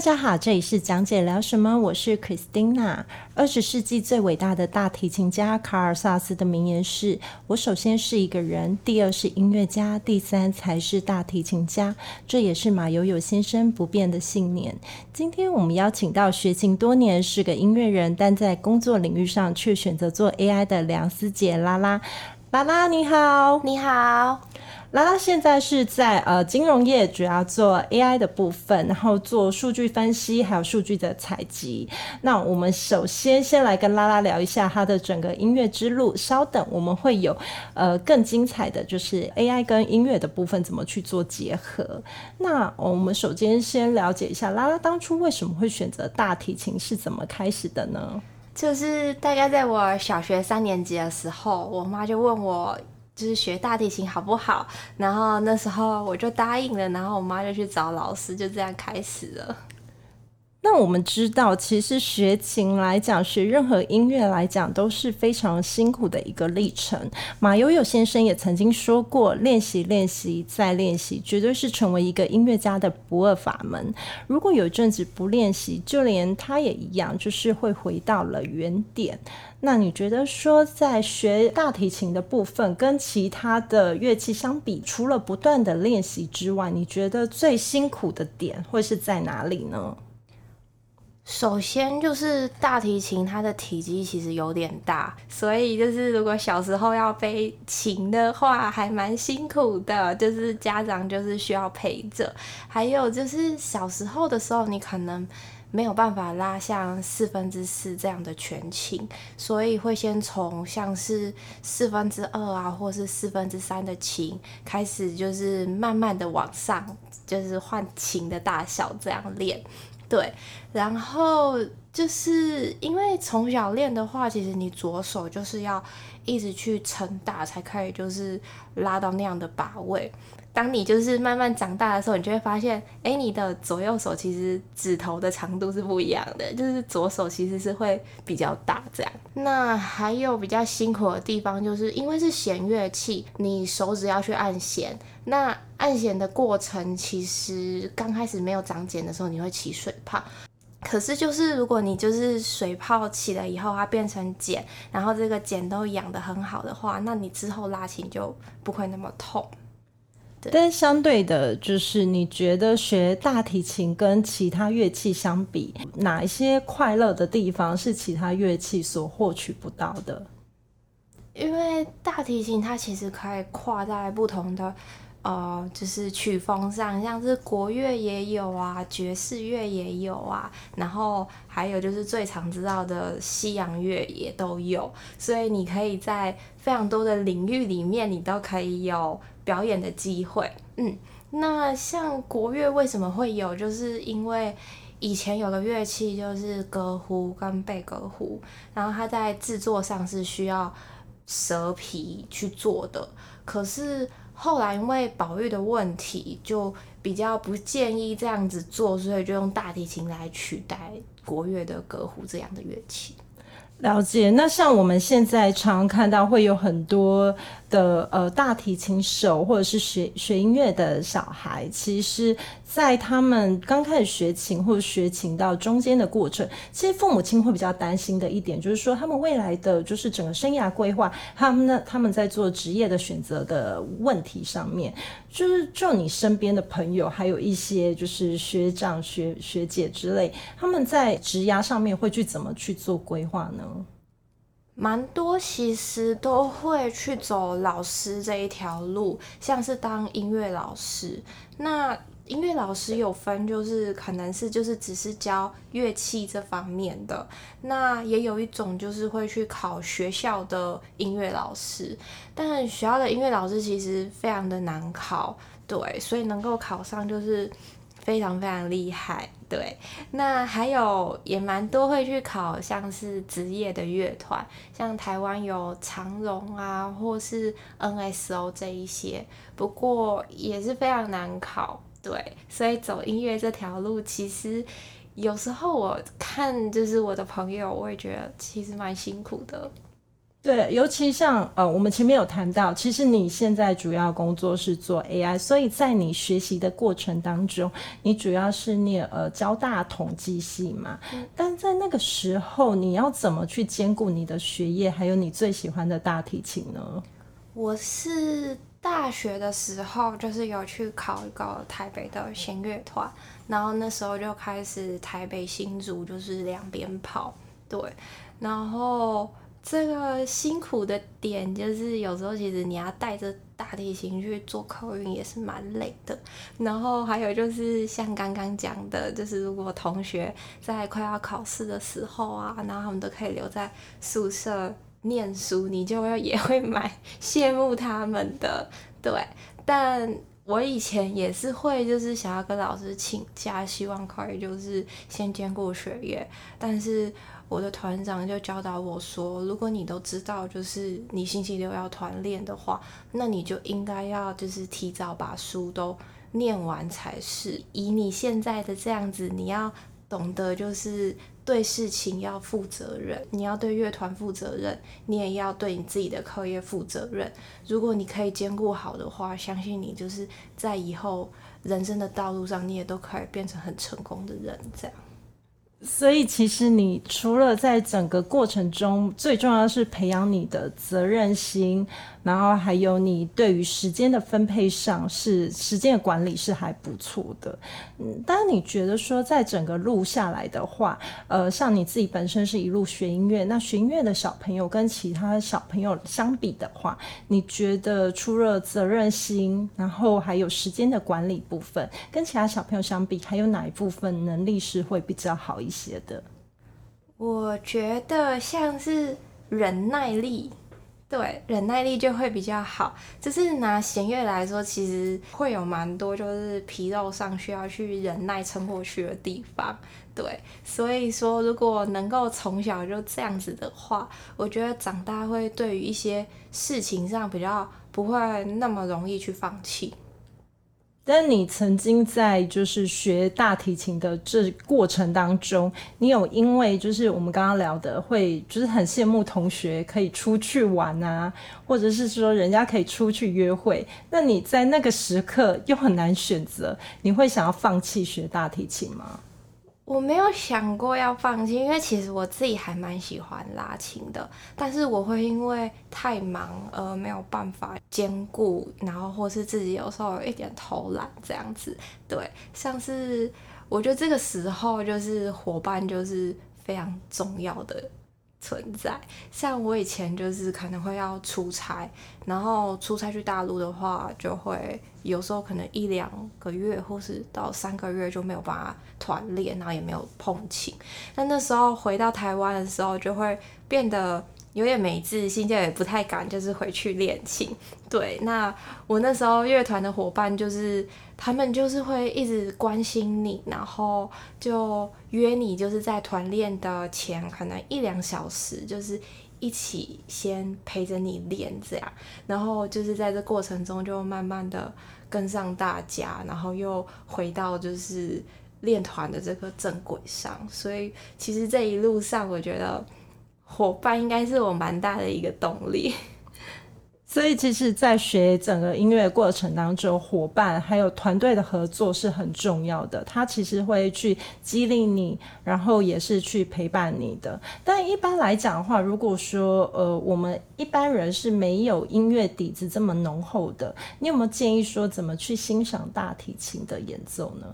大家好，這裡是講姐聊什麼，我是 Christina。二十世紀最偉大的大提琴家卡爾薩斯的名言是：我首先是一個人，第二是音樂家，第三才是大提琴家。這也是馬友友先生不變的信念。今天我們邀請到學琴多年、是個音樂人，但在工作領域上卻選擇做 AI 的梁思婕拉拉，拉拉你好，你好。拉拉現在是在呃金融業，主要做 AI 的部分，然後做數據分析，還有數據的採集。那我們首先先來跟拉拉聊一下她的整個音樂之路。稍等，我們會有呃更精彩的就是 AI 跟音樂的部分怎麼去做結合。那，哦，我們首先先了解一下拉拉當初為什麼會選擇大提琴，是怎麼開始的呢？就是大概在我小學三年級的時候，我媽就問我。就是學大提琴好不好？然後那時候我就答應了，然後我媽就去找老師，就這樣開始了。那我們知道，其實學琴來講，學任何音樂來講，都是非常辛苦的一個歷程。馬友友先生也曾經說過，練習、練習、再練習，絕對是成為一個音樂家的不二法門。如果有陣子不練習，就連他也一樣，就是會回到了原點。那你覺得說，在學大提琴的部分，跟其他的樂器相比，除了不斷的練習之外，你覺得最辛苦的點會是在哪裡呢？首先就是大提琴，它的體積其實有點大，所以就是如果小時候要背琴的話，還蠻辛苦的。就是家長就是需要陪着，還有就是小時候的時候，你可能沒有辦法拉像四分之四這樣的全琴，所以會先從像是四分之二啊，或是四分之三的琴開始，就是慢慢的往上，就是換琴的大小這樣練。對，然後就是因為從小練的話，其實你左手就是要一直去撐大，才可以就是拉到那樣的把位。當你就是慢慢長大的時候，你就會發現，哎，你的左右手其實指頭的長度是不一樣的，就是左手其實是會比較大這樣。那還有比較辛苦的地方，就是因為是弦樂器，你手指要去按絃，那按絃的過程其實剛開始沒有長繭的時候，你會起水泡。可是就是如果你就是水泡起了以後，它變成繭，然後這個繭都養得很好的話，那你之後拉琴就不會那麼痛。但相對的，就是你覺得學大提琴跟其他樂器相比，哪一些快樂的地方是其他樂器所獲取不到的？因為大提琴它其實可以跨在不同的。呃，就是曲風上，像是國樂也有啊，爵士樂也有啊，然後還有就是最常知道的西洋樂也都有，所以你可以在非常多的領域裡面，你都可以有表演的機會。嗯，那像國樂為什麼會有？就是因為以前有個樂器，就是革胡跟貝革胡，然後它在製作上是需要蛇皮去做的，可是。後來因為保育的問題，就比較不建議這樣子做，所以就用大提琴來取代國樂的革胡這樣的樂器。了解，那像我們現在常常看到會有很多的呃大提琴手，或者是學學音樂的小孩，其實，在他們剛開始學琴或者學琴到中間的過程，其實父母親會比較擔心的一點，就是說他們未來的就是整個生涯規劃，他們呢，他們在做職業的選擇的問題上面。就是就你身邊的朋友，還有一些就是學長學學姐之類，他們在職涯上面會去怎麼去做規劃呢？蠻多其實都會去走老師這一條路，像是當音樂老師。那音樂老師有分，就是可能是就是只是教樂器這方面的，那也有一種就是會去考學校的音樂老師。但學校的音樂老師其實非常的難考，對，所以能夠考上就是非常非常厲害。對，那還有也蠻多會去考，像是職業的樂團，像台灣有長榮啊，或是 NSO 這一些，不過也是非常難考，對，所以走音樂這條路，其實有時候我看就是我的朋友，我也覺得其實蠻辛苦的。對，尤其像呃，我們前面有談到，其實你現在主要工作是做 AI，所以在你學習的過程當中，你主要是念呃交大統計系嘛，但在那個時候，你要怎麼去兼顧你的學業，還有你最喜歡的大提琴呢？我是大學的時候，就是有去考一個台北的弦樂團，然後那時候就開始台北新竹就是兩邊跑，對，然後。這個辛苦的點就是，有時候其實你要帶着大提琴去做客運，也是蠻累的。然後還有就是，像剛剛講的，就是如果同學在快要考試的時候啊，然後他們都可以留在宿舍念書，你就要也會蠻羨慕他們的。對，但我以前也是會，就是想要跟老師請假，希望可以就是先兼顧學業，但是。我的團長就教導我說：“如果你都知道，就是你星期六要團練的話，那你就應該要就是提早把書都念完才是。以你現在的這樣子，你要懂得就是對事情要負責任，你要對樂團負責任，你也要對你自己的課業負責任。如果你可以兼顧好的話，相信你就是在以後人生的道路上，你也都可以變成很成功的人。”這樣。所以，其實你除了在整個過程中，最重要的是培養你的責任心。然後還有你對於時間的分配上，是時間的管理是還不錯的，嗯，但你覺得說在整個路下來的話，呃，像你自己本身是一路學音樂，那學音樂的小朋友跟其他小朋友相比的話，你覺得除了責任心，然後還有時間的管理部分，跟其他小朋友相比，還有哪一部分能力是會比較好一些的？我覺得像是忍耐力。對，忍耐力就會比較好。就是拿弦樂來說，其實會有蠻多，就是皮肉上需要去忍耐、撐過去的地方。對，所以說，如果能夠從小就這樣子的話，我覺得長大會對於一些事情上比較不會那麼容易去放棄。那你曾經在就是學大提琴的這過程當中，你有因為就是我們剛剛聊的，會就是很羨慕同學可以出去玩啊，或者是說人家可以出去約會，那你在那個時刻又很難選擇，你會想要放棄學大提琴嗎？我沒有想過要放棄，因為其實我自己還蠻喜歡拉琴的。但是我會因為太忙而沒有辦法兼顧，然後或是自己有時候有一點偷懶這樣子。對，像是我覺得這個時候就是夥伴就是非常重要的。存在，像我以前就是可能會要出差，然後出差去大陸的話，就會有時候可能一兩個月或是到三個月就沒有辦法團練，然後也沒有碰琴。但那時候回到台灣的時候，就會變得。有點沒自信，就也不太敢，就是回去練琴。對，那我那時候樂團的夥伴，就是他們就是會一直關心你，然後就約你，就是在團練的前可能一兩小時，就是一起先陪着你練這樣，然後就是在這過程中就慢慢的跟上大家，然後又回到就是練團的這個正軌上。所以其實這一路上，我覺得。夥伴應該是我蠻大的一個動力，所以其實，在學整個音樂過程當中，夥伴還有團隊的合作是很重要的。他其實會去激勵你，然後也是去陪伴你的。但一般來講的話，如果說呃，我們一般人是沒有音樂底子這麼濃厚的，你有沒有建議說怎麼去欣賞大提琴的演奏呢？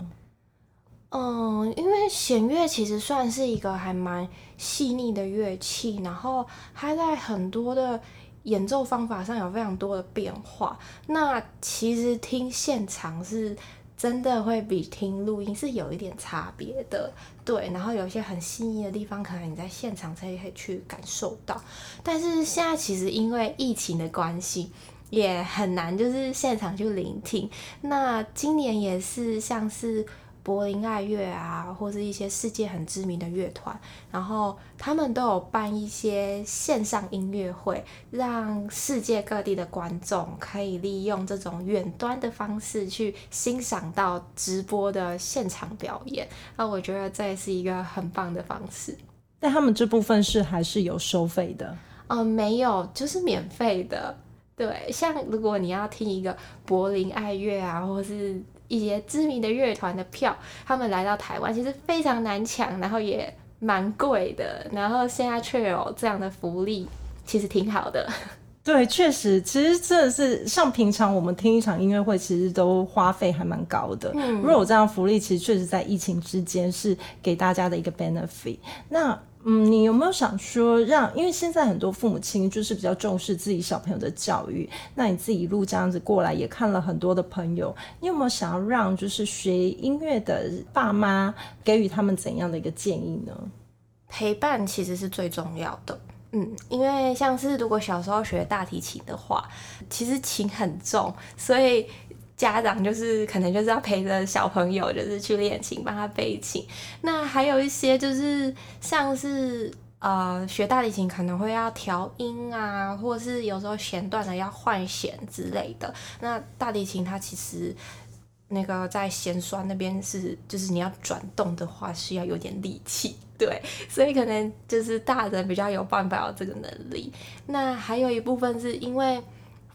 嗯，因為弦樂其實算是一個還蠻細膩的樂器，然後它在很多的演奏方法上有非常多的變化。那其實聽現場是真的會比聽錄音是有一點差別的，對。然後有些很細膩的地方，可能你在現場才可以去感受到。但是現在其實因為疫情的關係，也很難就是現場去聆聽。那今年也是像是。柏林愛樂啊，或是一些世界很知名的樂團，然後他們都有辦一些線上音樂會，讓世界各地的觀眾可以利用這種遠端的方式去欣賞到直播的現場表演。那我覺得這也是一個很棒的方式。但他們這部分是還是有收費的？嗯，沒有，就是免費的。對，像如果你要聽一個柏林愛樂啊，或是。一些知名的樂團的票，他們來到台灣其實非常難搶，然後也蠻貴的，然後現在卻有這樣的福利，其實挺好的。對，確實，其實真的是像平常我們聽一場音樂會，其實都花費還蠻高的。嗯，如果有這樣福利，其實確實在疫情之間是給大家的一個 benefit。那。嗯，你有沒有想說讓？因為現在很多父母親就是比較重視自己小朋友的教育，那你自己一路這樣子過來，也看了很多的朋友，你有沒有想要讓就是學音樂的爸媽，給予他們怎樣的一個建議呢？陪伴其實是最重要的。嗯，因為像是如果小時候學大提琴的話，其實琴很重，所以。家長就是可能就是要陪着小朋友，就是去練琴，幫他背琴。那還有一些就是像是呃學大提琴可能會要調音啊，或者是有時候弦斷了要換弦之類的。那大提琴它其實那個在弦栓那邊是，就是你要轉動的話是要有點力氣，對，所以可能就是大人比較有辦法有這個能力。那還有一部分是因為。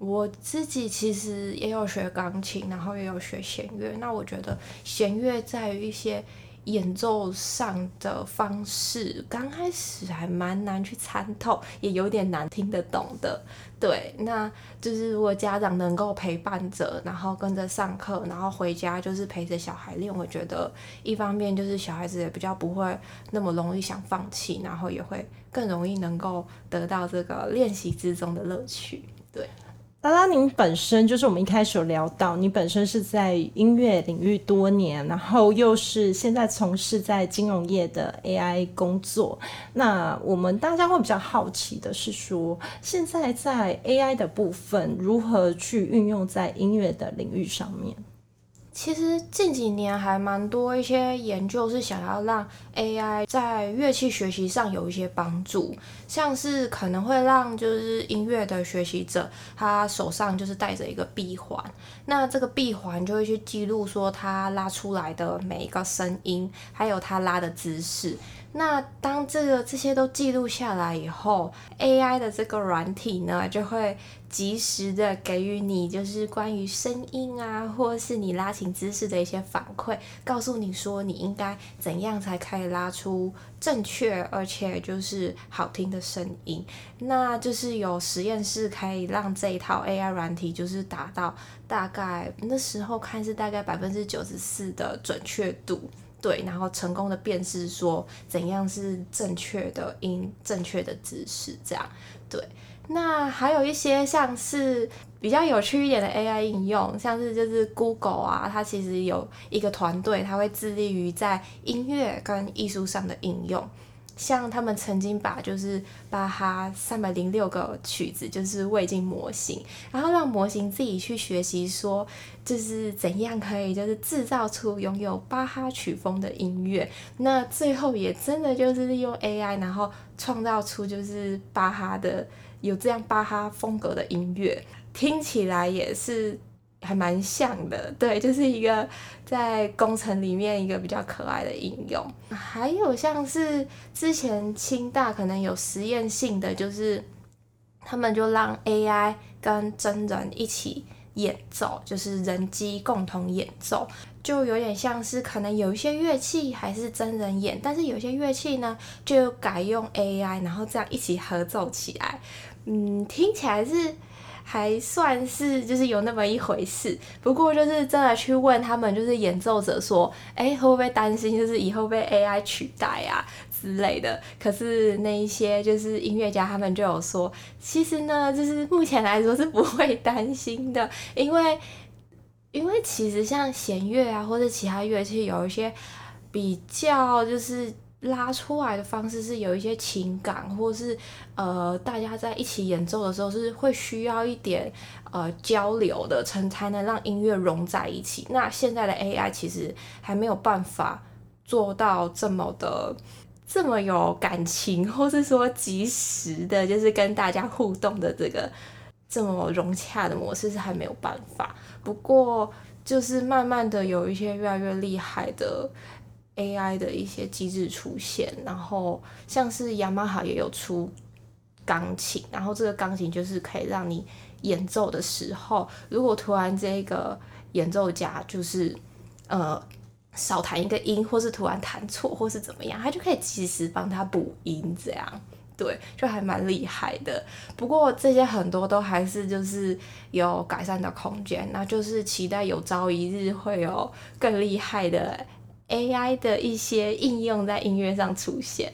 我自己其實也有學鋼琴，然後也有學弦樂。那我覺得弦樂在於一些演奏上的方式，剛開始還蠻難去參透，也有點難聽得懂的。對，那就是如果家長能夠陪伴着，然後跟着上課，然後回家就是陪着小孩練，我覺得一方面就是小孩子也比較不會那麼容易想放棄，然後也會更容易能夠得到這個練習之中的樂趣。對。拉拉，您本身就是我們一開始有聊到，你本身是在音樂領域多年，然後又是現在從事在金融業的 AI 工作。那我們大家會比較好奇的是說，說現在在 AI 的部分如何去運用在音樂的領域上面？其實近幾年還蠻多一些研究是想要讓 AI 在樂器學習上有一些幫助，像是可能會讓就是音樂的學習者他手上就是帶着一個閉環，那這個閉環就會去記錄說他拉出來的每一個聲音，還有他拉的姿勢。那當這個這些都記錄下來以後，AI 的這個軟體呢，就會及時的給予你，就是關於聲音啊，或者是你拉琴姿勢的一些反饋，告訴你說你應該怎樣才可以拉出正確而且就是好聽的聲音。那就是有實驗室可以讓這一套 AI 軟體，就是達到大概那時候看是大概百分之九十四的準確度。對，然後成功的辨識說怎樣是正確的音，正確的姿勢這樣。對，那還有一些像是比較有趣一點的 AI 應用，像是就是 Google 啊，它其實有一個團隊，它會致力於在音樂跟藝術上的應用。像他們曾經把就是巴哈三百零六個曲子就是餵進模型，然後讓模型自己去學習，說就是怎樣可以就是製造出擁有巴哈曲風的音樂。那最後也真的就是利用 AI，然後創造出就是巴哈的有這樣巴哈風格的音樂，聽起來也是。還蠻像的，對，就是一個在工程裡面一個比較可愛的應用。還有像是之前清大可能有實驗性的，就是他們就讓 AI 跟真人一起演奏，就是人機共同演奏，就有點像是可能有一些樂器還是真人演，但是有些樂器呢，就改用 AI，然後這樣一起合奏起來。嗯，聽起來是。還算是就是有那麼一回事，不過就是真的去問他們，就是演奏者說，哎、欸，會不會擔心就是以後被 AI 取代啊之類的？可是那一些就是音樂家他們就有說，其實呢，就是目前來說是不會擔心的，因為因為其實像弦樂啊或者其他樂器有一些比較就是。拉出來的方式是有一些情感，或是呃，大家在一起演奏的時候是會需要一點呃交流的，才能讓音樂融在一起。那現在的 AI 其實還沒有辦法做到這麼的這麼有感情，或是說即時的，就是跟大家互動的這個這麼融洽的模式是還沒有辦法。不過就是慢慢的有一些越來越厲害的。AI 的一些機制出現，然後像是雅馬哈也有出鋼琴，然後這個鋼琴就是可以讓你演奏的時候，如果突然這個演奏家就是呃少彈一個音，或是突然彈錯，或是怎麼樣，他就可以及時幫他補音，這樣對，就還蠻厲害的。不過這些很多都還是就是有改善的空間，那就是期待有朝一日會有更厲害的 AI 的一些應用在音樂上出現。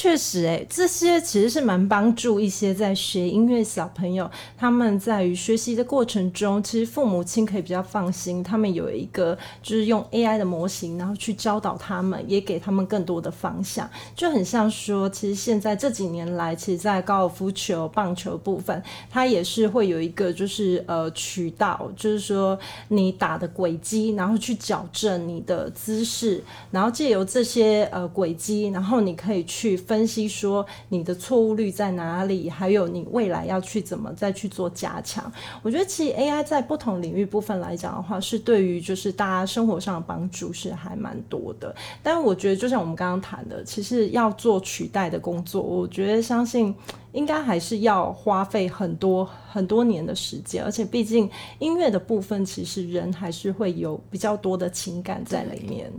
確實，欸，哎，這些其實是蠻幫助一些在學音樂小朋友，他們在於學習的過程中，其實父母親可以比較放心，他們有一個就是用 AI 的模型，然後去教導他們，也給他們更多的方向，就很像說，其實現在這幾年來，其實在高爾夫球、棒球部分，它也是會有一個就是呃渠道，就是說你打的軌跡，然後去矯正你的姿勢，然後借由這些呃軌跡，然後你可以去。分析說你的錯誤率在哪裡，還有你未來要去怎麼再去做加強。我覺得其實 AI 在不同領域部分來講的話，是對於就是大家生活上的幫助是還蠻多的。但我覺得就像我們剛剛談的，其實要做取代的工作，我覺得相信應該還是要花費很多很多年的時間。而且畢竟音樂的部分，其實人還是會有比較多的情感在裡面。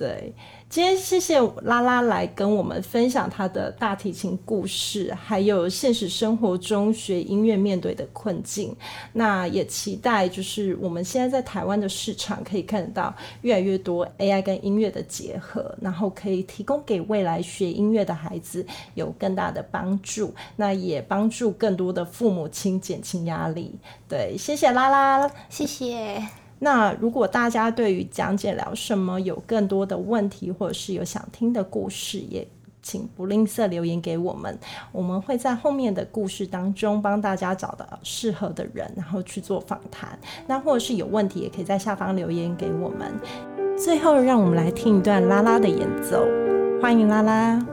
對，今天謝謝拉拉來跟我們分享她的大提琴故事，還有現實生活中學音樂面對的困境。那也期待就是我們現在在台灣的市場可以看得到越來越多 AI 跟音樂的結合，然後可以提供給未來學音樂的孩子有更大的幫助，那也幫助更多的父母親減輕壓力。對，謝謝拉拉，謝謝。那如果大家對於講姐聊什麼有更多的問題，或者是有想聽的故事，也請不吝嗇留言給我們。我們會在後面的故事當中幫大家找到適合的人，然後去做訪談。那或者是有問題，也可以在下方留言給我們。最後，讓我們來聽一段拉拉的演奏，歡迎拉拉。